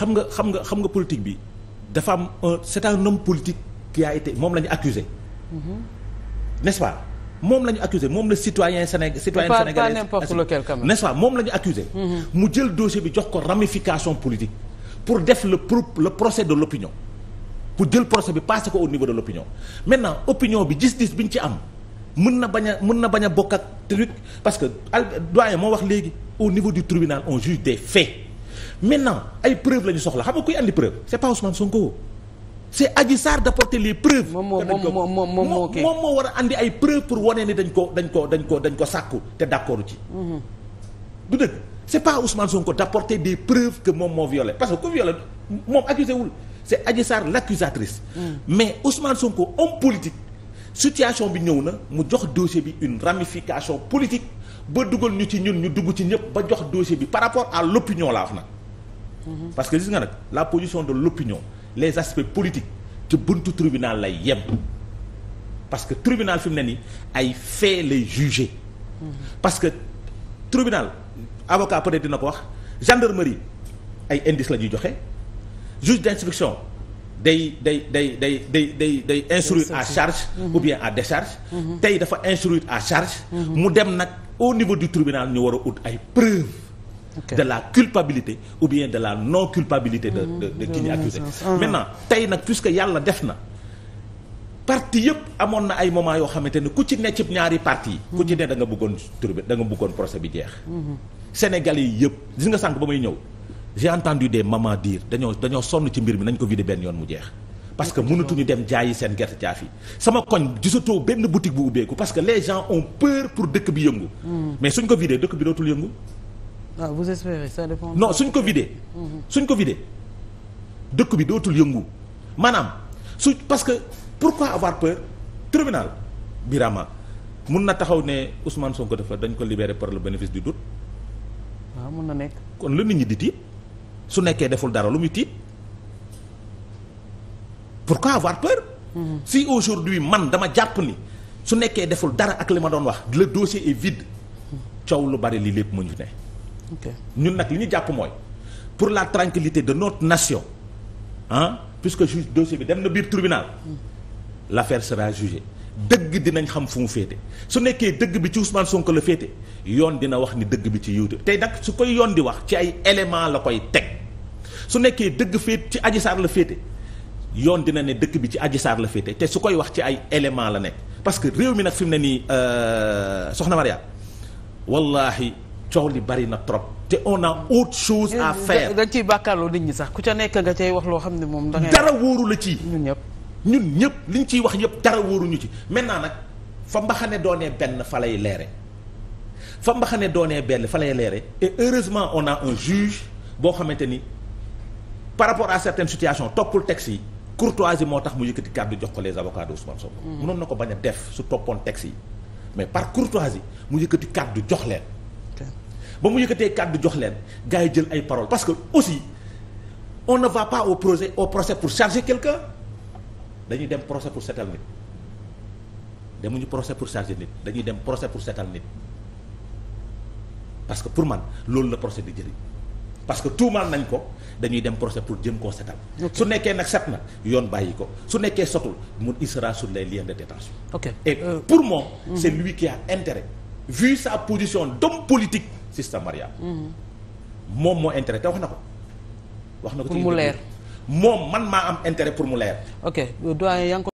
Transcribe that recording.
xam nga xam nga xam nga politique bi dafa am un c'est un homme politique a été moom lañu ñu accusé mm-hmm. n'est-ce moom la ñu accusé moom la citoyen séné citoyen sénégalais n'importe lequel quand même n'est-ce pas moom la mm-hmm. mu jël dossier bi jox ko ramification politique pour def le pro le procès de l'opinion pour jël procès bi passé ko au niveau de l'opinion maintenant opinion bi gis-gis bi ñu ci am mun na bañ a mun na bañ a bokk ak truc parce que doyen moo wax léegi au niveau du tribunal on juge des faits maintenant ay preuve la ñu soxla xam nga kuy andi preuve c'est pas Ousmane Sonko. c'est Adji Sarr d'apporter les preuves. moom moo moom moo war a andi ay preuves pour wane ni dañ ko dañ ko dañ ko dañ ko sàkku te d'accord ci. Mm-hmm. du dëgg c'est pas Ousmane Sonko d'apporter des preuves que moom moo violé parce que ku violé moom accusé wul c'est Adji Sarr l'accusatrice. Mm. mais Ousmane Sonko homme politique. situation bi ñëw na mu jox dossier bi une ramification politique ba dugal ñu ci ñun ñu dugg ci ñëpp ba jox dossier bi par rapport à l'opinion laa wax nag. Mhm. parce que gis nga nag la position de l'opinion les aspects politiques ci buntu tribunal lay yem parce que tribunal fi mu ne nii ay faits lay juger mhm. parce que tribunal avocat peut dina ko wax gendarmerie ay indices la ñuy joxe juge d'instruction day day day day day day day instruire à charge mhm. ou bien à décharge tey dafa instruire à charge mu dem nag au niveau du tribunal ñu war a ut ay preuves okay. de la culpabilité ou bien de la non culpabilité mm-hmm. de de de ki ñu accusé ah. maintenant tey nag puisque yàlla def na parti yëpp amoon na ay moment yoo xamante ne ku ci ne ci ñaari parti yi ku ci ne danga nga bëggoon turbe da nga bëggoon procès bi jeex mm-hmm. sénégalais yi yëpp gis nga sànq ba may ñëw j'ai entendu des mamans diir dañoo dañoo sonn ci mbir bi nañ ko vidé benn yoon mu jeex parce que mënatuñu dem jaayi seen gerte caaf yi sama koñ gisatoo benn boutique bu ubbeeku parce que les gens ont peur pour dëkk bi yëngu mm. mais suñ ko vidé dëkk bi dootul yëngu waaw ah, vous espérez ça dépend. non suñ ko vidé. Mhm. suñ ko vidé dëkk bi dootul yëngu maanaam su parce que pourquoi avoir peur tribunal biirama mun na taxaw ne Ousmane Sonko dafa dañ ko libéré par le bénéfice du doute. waaw ah, mun na nekk. kon lu nit ñi di tiit su nekkee deful dara lu muy tiit pourquoi avoir peur. Mhm. si aujourd'hui man dama jàpp ni su nekkee deful dara ak li ma doon wax le dossier est vide mhm. coow lu bari lii lépp mu ñu ne. ñun nag li ñu jàpp mooy pour la tranquillité de not nation ah que juge dossier bi dem na biir tribunal hmm. l' affaire sera jugée dëgg dinañ xam fu mu féete su nekkee dëgg bi ci Ousmane Sonko la féete yoon dina wax ni dëgg bi ci yiw tey nag su koy yoon di wax ci ay éléments la koy teg su nekkee dëgg féet ci Adji Sarr la féete yoon dina ne dëkk bi ci Adji Sarr la féete te su koy wax ci ay éléments la nekk parce que réew mi nag fi mu ne nii euh, soxna Maria wallahi coow li bari na trop te on a autre chose à eh, faire dañ ciy bàkkaarloo nit ñi sax ku ca nekk nga cay wax loo xam ne moom da ngay la ci ñun ñëpp ñun ñëpp liñ ciy wax yëpp dara wóoruñu ci maintenant nag fa mbaxane doonee benn fa lay leere fa mbaxane doonee benn fa lay leere et on a un juge boo xamante ni par rapport à certaines situations toppul texte yi courtoisie moo tax mu yëkkati kàddu jox ko les avocats de Ousmane Sonko mm. na ko bañ a def su toppoon texte yi mais par courtoisie mu yëkkati kàddu jox leen ba mu yëkkatee kàddu jox leen gars yi jël ay parole parce que aussi on ne va pas au projet au procès pour charger quelqu'un dañuy dem procès pour setal nit ñu procès pour charger nit dañuy dem procès pour setal nit parce que pour man loolu la procès di jëriñ parce que tuumaal nañ ko dañuy dem procès pour jëm koo setal su nekkee nag set na yoon bàyyi ko su nekkee sotul mu il sera sur les liens de détention ok et euh... pour moi hmm. c'est lui qui a intérêt vu sa système marial moom moo intérêt te wax na ko wax na ko ci moom man maa am intérêt pour mu leer ok doyen yaa ngi ko